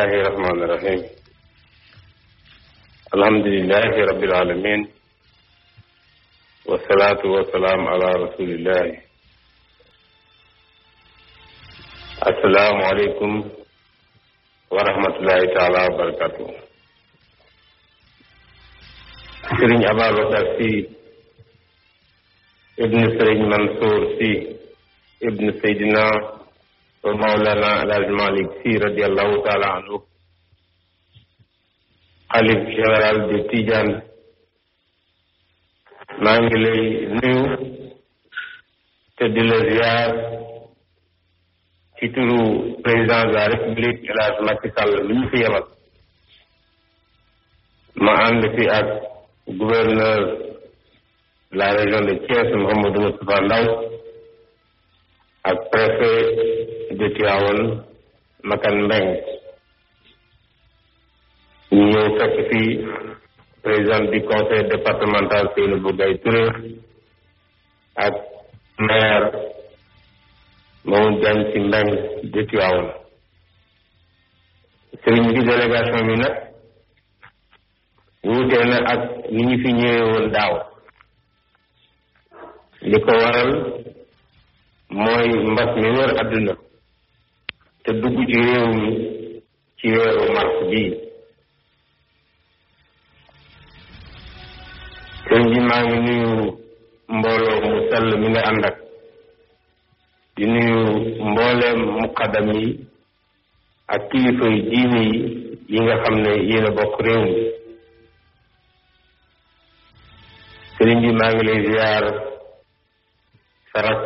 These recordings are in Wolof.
الله الرحمن الرحيم الحمد لله رب العالمين والصلاة والسلام على رسول الله السلام عليكم ورحمة الله تعالى وبركاته سرين أبا بكر سي ابن سرين منصور سي ابن سيدنا wa mawlana El Hadj Malick Sy radiallahu taala anhu xalif général de Tidiane maa ngi lay nuyu te di la ziar ci turu président de la république El Hadj Macky Sall mi ñu fi yebal ma ànd fi ak gouverneur de la région de Thiès Mouhamadou Moustapha Ndaw ak préfet de Tivaouane Makan Mbeng ñu ñëw fekk fii président du conseil départemental Seynabou Gaye Touré ak maire Mamadou Diagne Sy Mbeng de Tivaouane sëriñ bi délégation bi nag wuute na ak ni ñu fi ñëwee woon daaw li ko waral mooy mbas mi wër te dugg ci réew mi ci weeru mars bii sëñ bi maa ngi nuyu mbooloo mu sell mi nga ànd ak nuyu mbooleem muqaddam yi ak kilifa yu diine yi nga xam ne yéen a bokk réew mi sëriñ bi maa ngi lay ziar sarak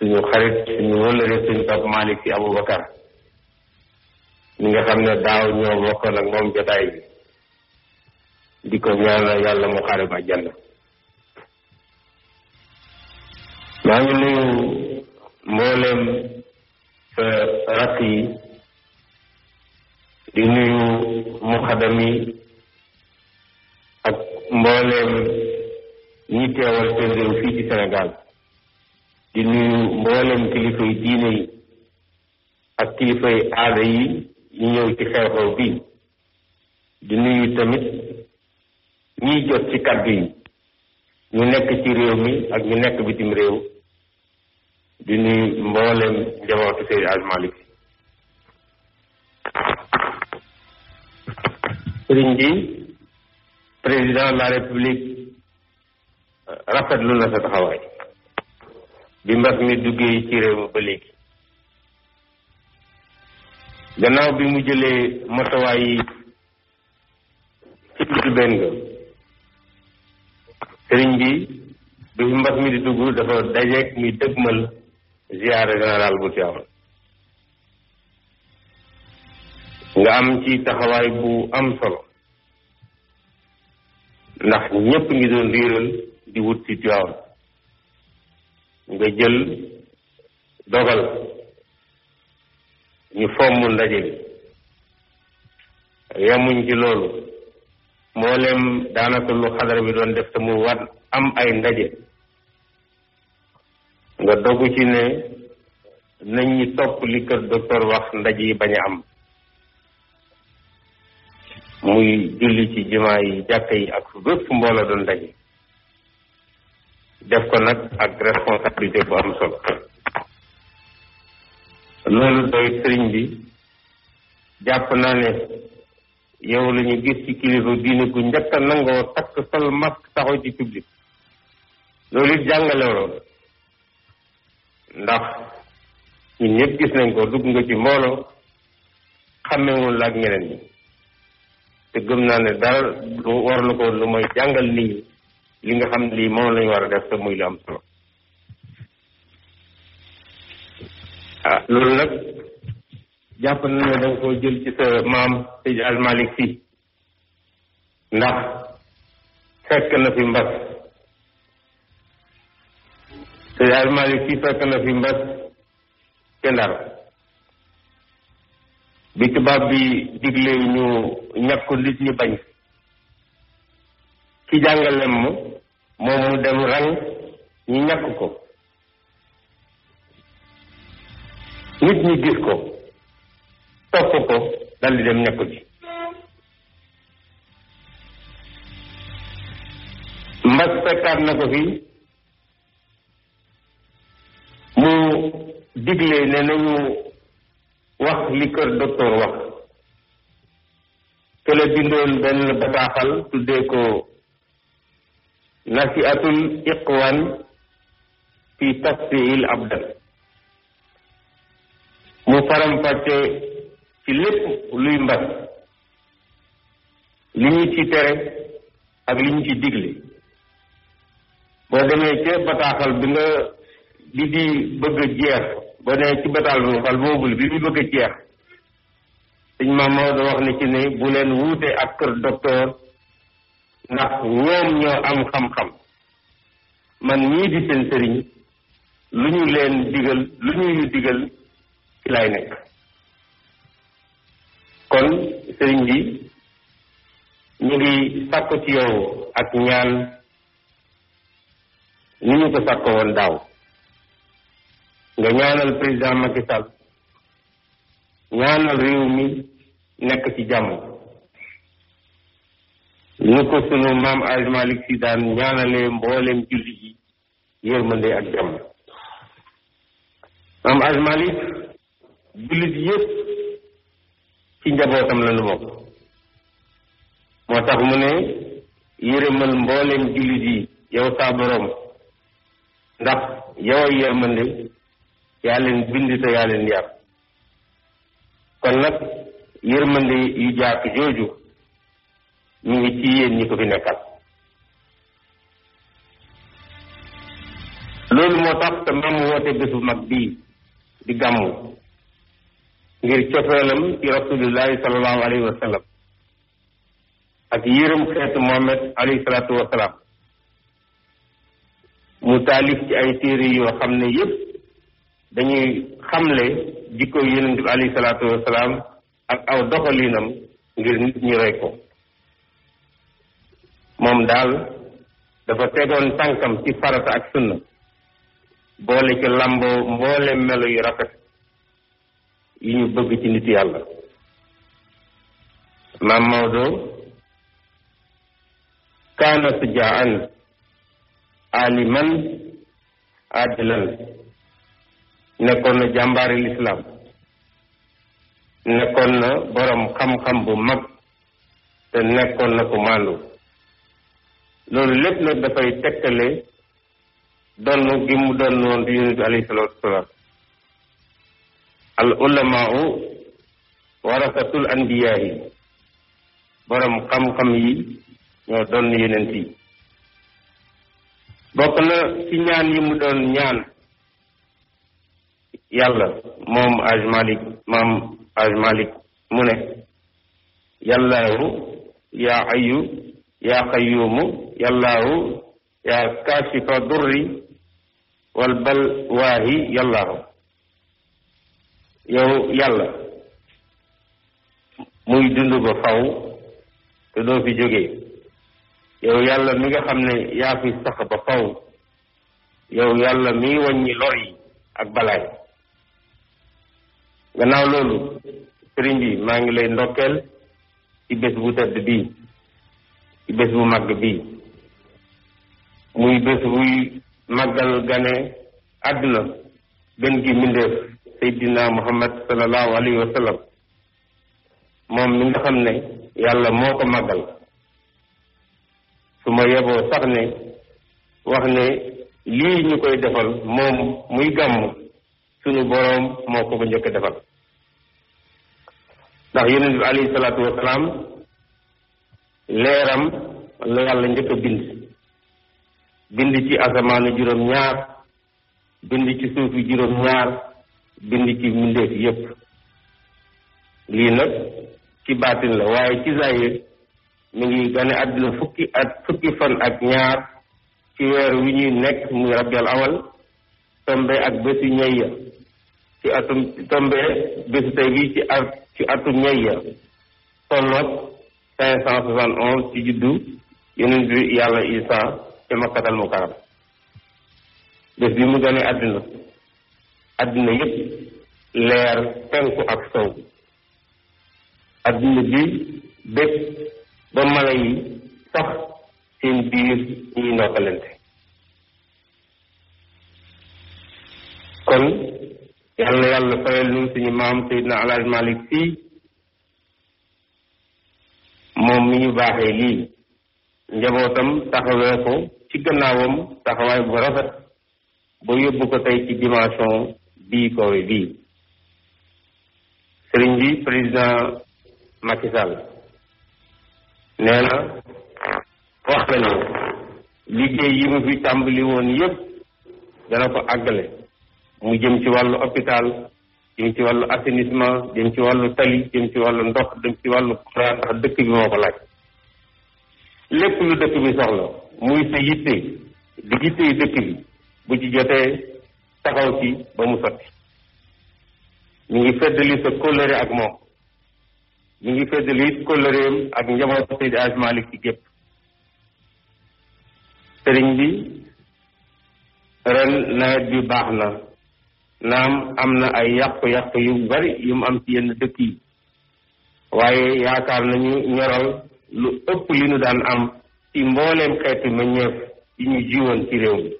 suñu xarit suñu wëllëre suñu Pape Malick Sy Aboubacar mi nga xam ne daaw ñoo bokkoon ak moom jotaay bi di ko ñaanal yàlla mu xaare ba àjjana maa ngi nuyu mboolem sa rakk yi di nuyu muxadam yi ak mboolem ñi teewal seen réew fii ci Sénégal di nuyu mboolem kilifay diine yi ak kilifay aada yi ñëw ci xew-xew bi di nuyu tamit ñiy jot ci kàddu yi ñu nekk ci réew mi ak ñu nekk bitim réew di nuyu mboolem njabootu Seydi Hadj Malick sëriñ bi président la république rafetlu na sa taxawaay bi mbas mi duggee ci réew mi ba léegi gannaaw bi mu jëlee matuwaay yi ci tudd benn nga sëriñ bi bi mbas mi di dugg dafa dajeek muy dëgmal ziyaara général bu Tiwaawan nga am ci taxawaay bu am solo ndax ñépp ngi doon réeral di wut ci Tiwaawan nga jël dogal ñu fomm ndaje bi yemuñ ci loolu mboolem daanaka lu xadara bi doon def te mu war am ay ndaje nga dogu ci ne nañ ñi topp li kër docteur wax ndaje yi bañ a am muy julli ci jumaa yi jàkka yi ak bépp a doon ndaje def ko nag ak responsabilité bu am solo loolu doy sëriñ bi jàpp naa ne yow la ñu gis ci kilifa diine gu njëkk nangoo takk sol masque taxaw ci public loolu it jàngale woon ndax ñun ñëpp gis nañ ko dugg nga ci mbooloo xàmmewul la ak ñeneen ñi te gëm naa ne dara war la ko lu mooy jàngal nit ñi li nga xam li moom lañu war a def te muy lu am solo ah loolu nag jàpp ne da nga koo sa maam Seydi Al Malick ndax fekk na fi mbas Seydi Al Malick Sy fekk fi mbas te ndar bi tubaab bi digle ñu ñàkk nit ñi bañ ci jàngalem mu moom mu dem rang ñu ñàkk ko nit ñi gis ko topp ko dal dem ñàkk ji mbas fekkaat na ko fii mu digle ne nañu wax li kër docteur wax te la benn bataaxal tuddee ko nasiatul iqwan fi tasfiil abdan mu faram-fàcce ci lépp luy mbas li ñu ci tere ak li ñu ci digle boo demee ca bataaxal bi nga di di bëgg jeex boo demee ci bataaxal boobu bi muy bëgg a jeex sëñ Maam Maodo wax na ci ne bu leen wuute ak kër docteur ndax ñoom ñoo am xam-xam man ñii di seen sëriñ lu ñu leen digal lu ñuy digal ci lay nekk kon sëriñ bi ñu ngi sàkko ci yow ak ñaan ni ñu ko sàkko woon daaw nga ñaanal président Macky ñaanal réew mi nekk ci jàmm ñu ko sunu maam Aj Si daan ñaanalee mboolem julli yi yërmande ak jàmm maam Aj jullit yëpp ci njabootam la nu bokk moo tax mu ne yërëmal mboolem jullit yi yow saa ndax yow yërmande yaa leen bind te yaa leen yar kon nag yërmande yu jàkk jooju ñu ngi ci yéen ñi ko fi nekkal loolu moo tax te maam woote bés bu mag bii di gàmmu ngir cofeelam ci rasulillahi sallallahu alayhi wa ak yërëm xeetu Muhammad alayhi salaatu wa mu taalif ci ay téere yoo xam ne yëpp dañuy xamle jikko yonent bi alayhi salaatu wa ak aw doxalinam ngir nit ñi roy ko moom daal dafa tegoon tànkam ci farata ak sunna boole ci làmboo mboole melo yu rafet yi ñu bëgg ci nit yàlla maam Maodo kaana sujaan aliman adilan nekkoon na jàmbaari lislaam nekkoon na borom xam-xam bu mag te nekkoon na ku màndu loolu lépp nag dafay tegtale donn gi mu doon woon di yonent bi salaatu al ulamaau warasatul yi borom xam-xam yi ñoo doon yonent yi bokk na ci ñaan yi mu doon ñaan yàlla moom aj malik maam aj malik mu ne yàllaahu yaa ayu yaa qayyuumu yallaahu yaa kaashifa durri wal balwaahi yallaahu yow yàlla muy dund ba faw te doo fi jógee yow yàlla mi nga xam ne yaa fi sax ba faw yow yàlla mi wàññi lor yi ak balaay gannaaw loolu sëriñ maa ngi lay ndokkeel ci bés bu bii ci bés bu màgg bii muy bés buy màggal gane àdduna gën gi mbindeef seydina muhammad sallallahu alayhi wa moom mi nga xam ne yàlla moo ko màggal su ma yeboo sax ne wax ne lii ñu koy defal moom muy gàmm sunu boroom moo ko ko njëkk defal ndax yonent bi alayhi salaatu wasalaam leeram la yàlla njëkk bind bind ci asamaanu juróom-ñaar bind ci suufi juróom-ñaar bind ci mbindeef yépp lii nag ci baatin la waaye ci zahir mi ngi gane àdduna fukki at fukki fan ak ñaar ci weer wi ñuy nekk muy rabial awal tombe ak bésu ñey ya ci atum tombe bésu tey bi ci atum ñey ya tolloog cinq cent soixante onze ci juddu yeneen bi yàlla Isa te Makkatal Mukarram bés bi mu gane àddina àddina yépp leer penku ak sow àddina bi bés ba mala yi sax seen biir ñuy ndokkalante kon yàlla yàlla fayal ñun suñu maam Seydina Alaaji Malick Sy moom mi ñu baaxee lii njabootam taxawee ko ci gannaawam taxawaay bu rafet ba yóbbu ko tey ci dimension bii koowe bii sëriñ bi président Macky Sall wax nañu liggéey yi mu fi tàmbali woon yépp dana ko àggale mu jëm ci wàllu hôpital jëm ci wàllu assainissement jëm ci wàllu tali jëm ci wàllu ndox jëm ci wàllu courant ndax dëkk bi moo ko laaj lépp lu dëkk bi soxla muy sa yitte di yitte yi dëkk bi bu ci jotee taxaw ci ba mu sotti ñu ngi feddali sa kóllëre ak moom ñu ngi feddali it kóllëreem ak njaboot Seydi Aj Malick ci gépp sëriñ bi ren nawet bi baax na naam am na ay yàqu-yàqu yu bari yu mu am ci yenn dëkk yi waaye yaakaar nañu ñoral lu ëpp li ñu daan am ci mbooleem xeetu meññeef yi ñu jiwoon ci réew mi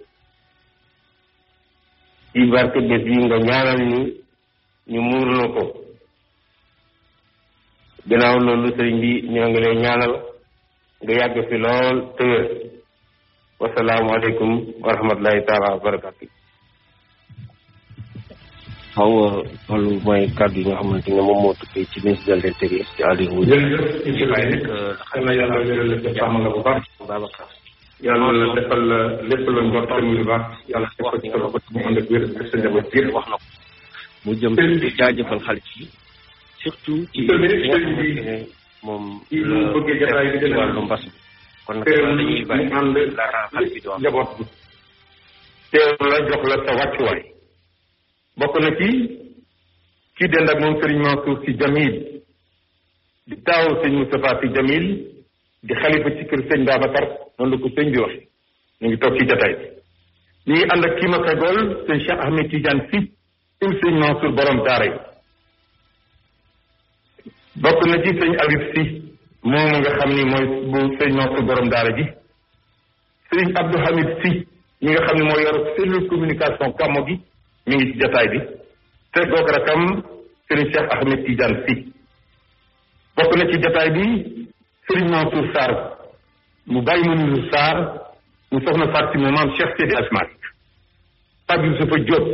ci barke bés yi nga ñaanal ñu muur la ko gannaaw loolu sëriñ bi ñoo ngi lay ñaanal nga yàgg fi lool te wér wasalaamualeykum wa rahmatullahi wa barakatu xaw ma loolu mooy kàddu yi nga xamante ne moo tukkee ci ministre de l'intérieur ci Aliou Ngouille. jërëjëf Ibrahima euh, yàlla wéral la te sàmm lépp la njort te mu ànd ak wér ak sa ko. surtout ci li nga xamante ne moom euh, la bokk na ci kii dend ak moom sëriñ Mansour si Jamil di taaw sëñ Moustapha si Jamil di xalifa ci kër sëñ Babacar noonu la ko sëñ bi wax ñu ngi toog ci jataay ñu ngi ànd ak kii ma fegool sëñ Cheikh Ahmed Tidiane si im sëñ Mansour borom daara yi bokk na ci sëñ Habib si moomu nga xam ni mooy bu sëñ Mansour borom daara ji sëñ Abdou Hamid si ñi nga xam ne mooy yor cellule communication kàmmo gi mi ngi ci jataay bi te goog rakam Serigne Cheikh Ahmed Tidiane Sy bokk na ci jataay bi Serigne Mansour Sarr mu bàyyi Mansour Sarr mu soxna Fatou mu maam Cheikh Seydi Asmaak Pape Youssoufa Diop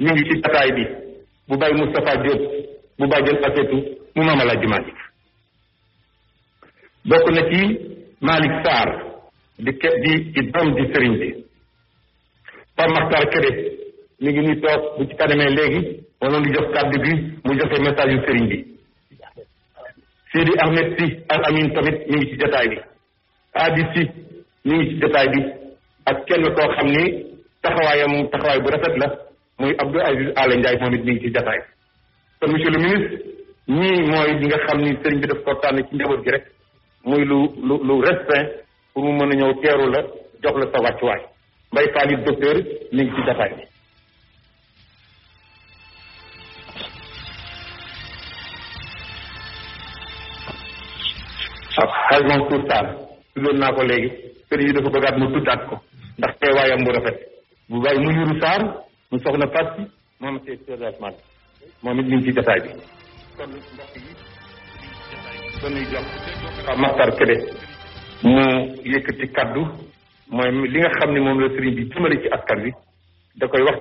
mi ngi ci jataay bi bu bàyyi Moustapha Diop bu bàjjen Asetu mu maam Alaaji Maalik bokk na ci Malick Sarr di ket di doom di Serigne bi Pape Makhtar Kébé mi ngi nii toog bu ci kanamee léegi wala ngi jox kàddu gi mu joxe message yu sëriñ bi di Ahmed si al Amin tamit mu ngi ci jotaay bi Adi ak kenn koo xam ni taxawaayam taxawaay bu rafet la muy Abdou Aziz Ala Ndiaye moom it mi ngi ci jotaay bi kon monsieur le ministre ñii mooy li nga xam ni sëriñ bi daf ko tànn ci njaboot gi rek muy lu lu lu restreint pour mu mën a ñëw teeru la jox la sa wàccuwaay Mbaye Fall docteur mi ngi ci jotaay bi waaw xaaj moom tuur taal tuddoon naa ko léegi sëriñ bi dafa bëggaat mu tuddaat ko ndax teewaayam bu rafet bu bàyyi mu niru saar mu soxna parti moom see sodasement moom it ñu ngi ci jotaay bi kon mbokk yi dañuy jox Pape mooy li nga xam ni moom la sëriñ bi jëmale ci askan wi da koy wax